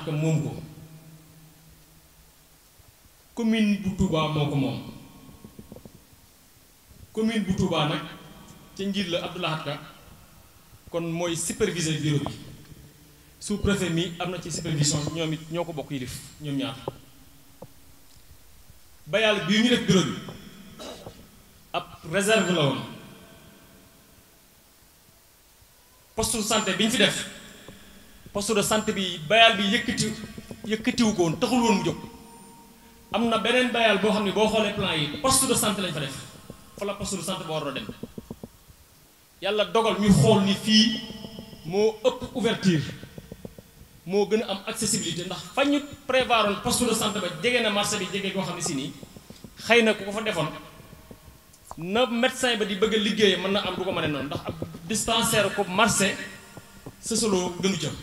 Mbacké moom ko commune bu Touba moo ko moom commune bu Touba nag ci njiit la Abdou Lahad kon mooy superviseur bureau bi sous préfet mi am na ci supervision ñoom it ñoo ko bokk yilif ñoom ñaar bayaal bii ñu def bureau bi ab réserve la woon poste santé bi ñu fi def poste de santé bi bayal bi yëkkati yëkkatiwu ko woon taxul woon mu jóg am na beneen bayal boo xam ne boo xoolee plan yi poste de santé lañ fa def fa la poste de santé ba war fii moo ëpp ouverture moo gën a am accessibilité ndax fa prévoir woon poste jege na marché bi jege koo xam ne si nii xëy na ko ko fa defoon na médecin ba di bëgg a liggéeye mën na am du ko mën a noonu ndax ab dispensaire ko marché sësaloo gënu jëm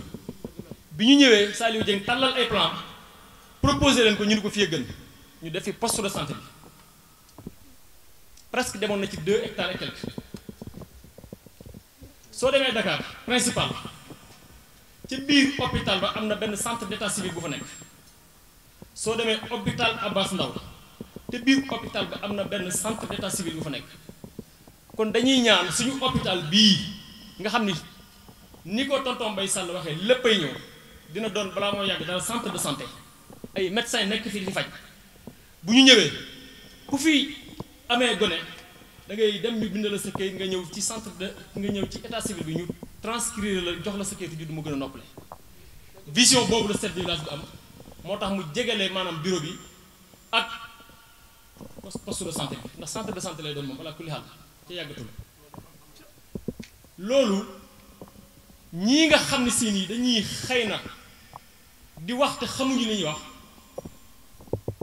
bi ñu ñëwee Saliou Dieng tàllal ay plan proposé leen ko ñu ni ko fi gën ñu def fi poste de santé bi presque demoon na ci deux hectares et soo demee Dakar principal ci biir hôpital ba am na benn centre d'état civil bu fa nekk soo demee hôpital Abbas Ndao te biir hôpital ba am na benn centre d'état civil bu fa nekk kon dañuy ñaan suñu hôpital bii nga xam ni ni ko tonton Mbaye Sall waxee lépp léppay ñëw dina doon balaa moo yàgg dana centre de santé ay médecins nekk fii fi faj bu ñu ñëwee ku fi amee gone da ngay dem ñu bind la sa kayit nga ñëw ci centre de nga ñëw ci état civil bi ñu transcrire la jox la sa kayitu juddu mu gën a noppale vision boobu la chef de village bi am moo tax mu jegale maanaam bureau bi ak poste de santé bi ndax centre de santé lay doon moom walla kulli xaal ca yàggatul loolu ñii nga xam ne si nii dañuy xëy na di wax te xamuñu li ñuy wax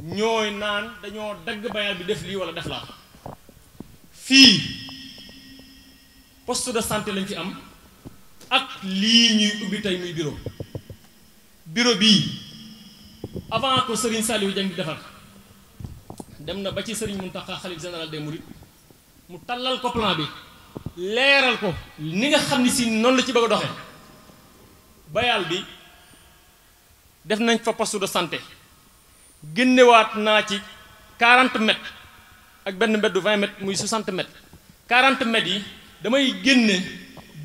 ñooy naan dañoo dagg bayal bi def lii wala def laa fii poste de santé lañ fi am ak lii ñuy ubbi tey muy bureau bureau bii avant que Serigne Saliou Dieng di defar dem na ba ci Serigne Mountakha xalif général de Mourides mu tallal ko plan bi leeral ko ni nga xam ni si noonu la ci bëgg a doxee bayal bi def nañ fa poste de santé génnewaat naa ci 40 mètres ak benn mbedd 20 mètres muy 60 mètres 40 mètres yi damay génne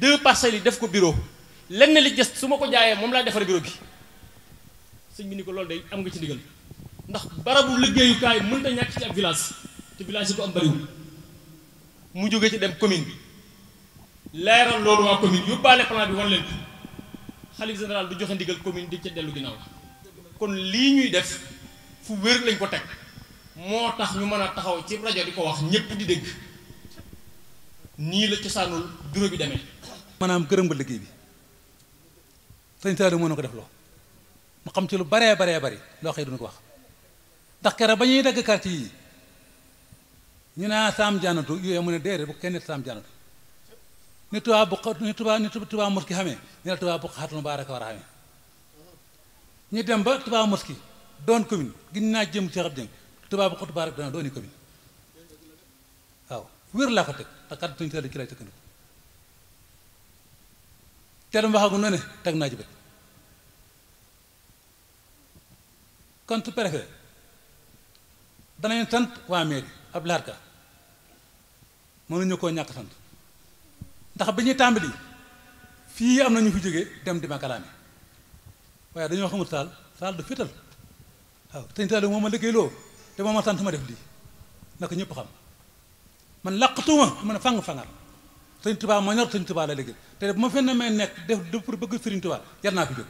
deux parcelles yi def ko bureau lenn li gës su ma ko jaayee moom laa defar bureau bi sëñ bi ni ko loolu de am nga ci ndigal ndax barabu liggéeyukaay mën ta ñàkk ci ab village te village yi ko am bariwul mu jóge ci dem commune bi leeral loolu waa commune yóbbaale plan bi wan leen xalif général du joxe ndigal commune di ca dellu ginnaaw kon lii ñuy def fu wér lañ ko teg moo tax ñu mën a taxaw ci rajo di ko wax ñëpp di dégg nii la cosaanul bureau bi demee. maanaam gërëm nga liggéey bi sëñ Saliou moo na ko def loo mu xam ci lu baree baree bari loo xëy du ko wax ndax keroog ba ñuy dagg quartier yi ñu ne ah Saam jaanatu yooyu mu ne déedéet bu kenn Saam jaanatu ni tubaab bu ni tubaab ni tubaab muski xamee ni la tubaab bu xaatu mubaaraka war a xamee ñu dem ba tubaab muski doon commune gin naa jëm ci xab jëm bu xaatu mubaaraka dana dooni te ne teg naa ji bët kon su préfet danañ sant waa mairie ab laarka mënuñu koo ñàkk sant ndax bi ñuy tàmbali fii am na ñu fi jógee dem di ma kalaame waaye dañoo xamul taal taal du fétal waaw sëñ taal moom ma liggéey loo te moom ma sant ma def lii naka ñëpp xam man làqatuma man fang-fangal sëñ Tuubaa moo ñor sëñ tubaa la liggéey te bu ma fenn may nekk def pour bëgg sëriñ Tuubaa yar naa fi jóg